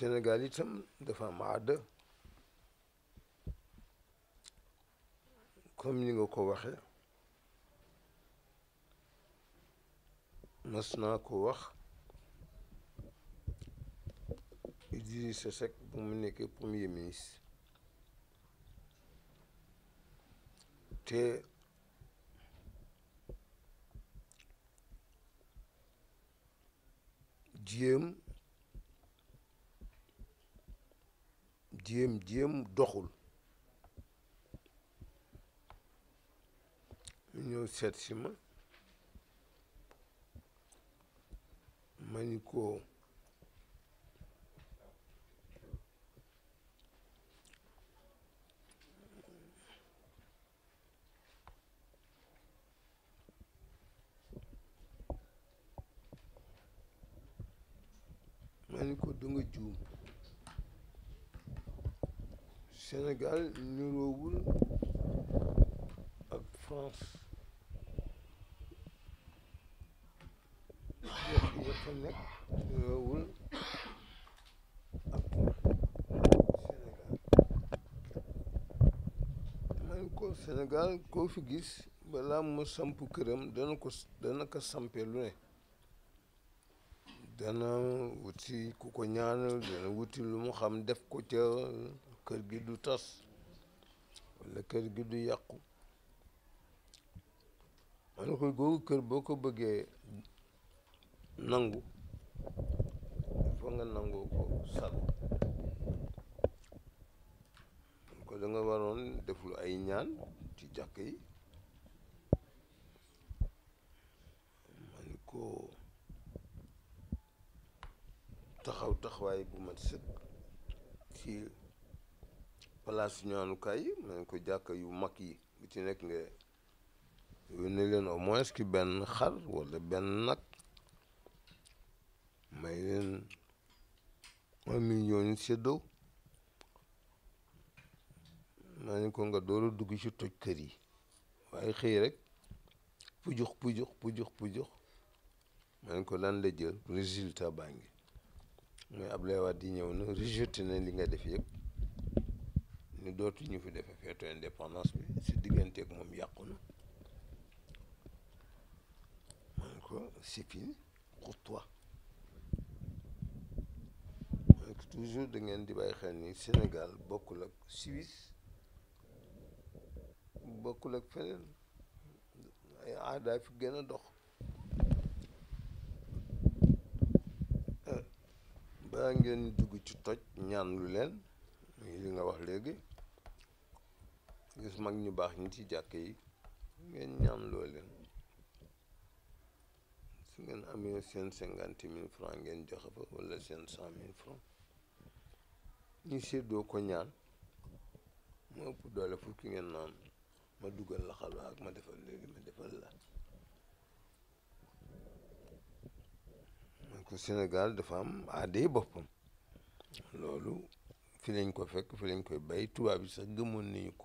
Sénégal itam dafa am aada comme nga ko waxe mas naa ko wax Idrissa Seck bu mu nekkee premier ministre te jéem jéem jéem doxul ñu ñëw seet si ma ma ni ko ma ko du juum Sénégal niroowul ak France ya fa nekk niroowul ak Sénégal man ko Sénégal koo fi gis balaa mu samp këram dana ko dana ko sampe lu ne dana wuti ku ko ñaanal dana wuti lu mu xam def ko ca kër gi du tas wala kër gi du yàqu ma ne ko kër boo ko bëggee nangu fa nga nangoo ko sal ko da waroon def ay ñaan ci jàkk yi ma ko taxaw taxawaay bu ma sëkk ci palaasu ñaanukaay yi ma ko jàkka yu mag yi bu ci nekk nga yónnee leen au moins ki benn xar wala benn nag may leen un million yi ne ko nga door a dugg ci toj kër yi waaye xëy rek pujux pujux pujux pujux ne ko lan la jël résultat baa ngi mooy Abdoulaye Wade di ñëw na rejeté na li nga def yëpp dootu ñu fi defe feetu indépendance bi si digganteeg moom yàqu na man ko c'est fini pour ko toujours da ngeen di bàyyi xel ni Sénégal bokkul ak Suisse bokkul ak feneen ay aada fi gën a dox balaa ngeen dugg ci toj ñaan lu leen li nga wax léegi gis mag ñu baax ñi ci jàkk yi ngeen ñaan loo leen su ngeen amee seen cinquante mille franc ngeen joxe fa wala seen cent mille franc ñu séddoo ko ñaan moo ëpp doole fukki ngeen naan ma dugal la xalwa ak ma defal que Sénégal dafa am aadee boppam loolu fi lañ ko fekk fi lañ koy bay tubaab yi sax gëmoon nañu ko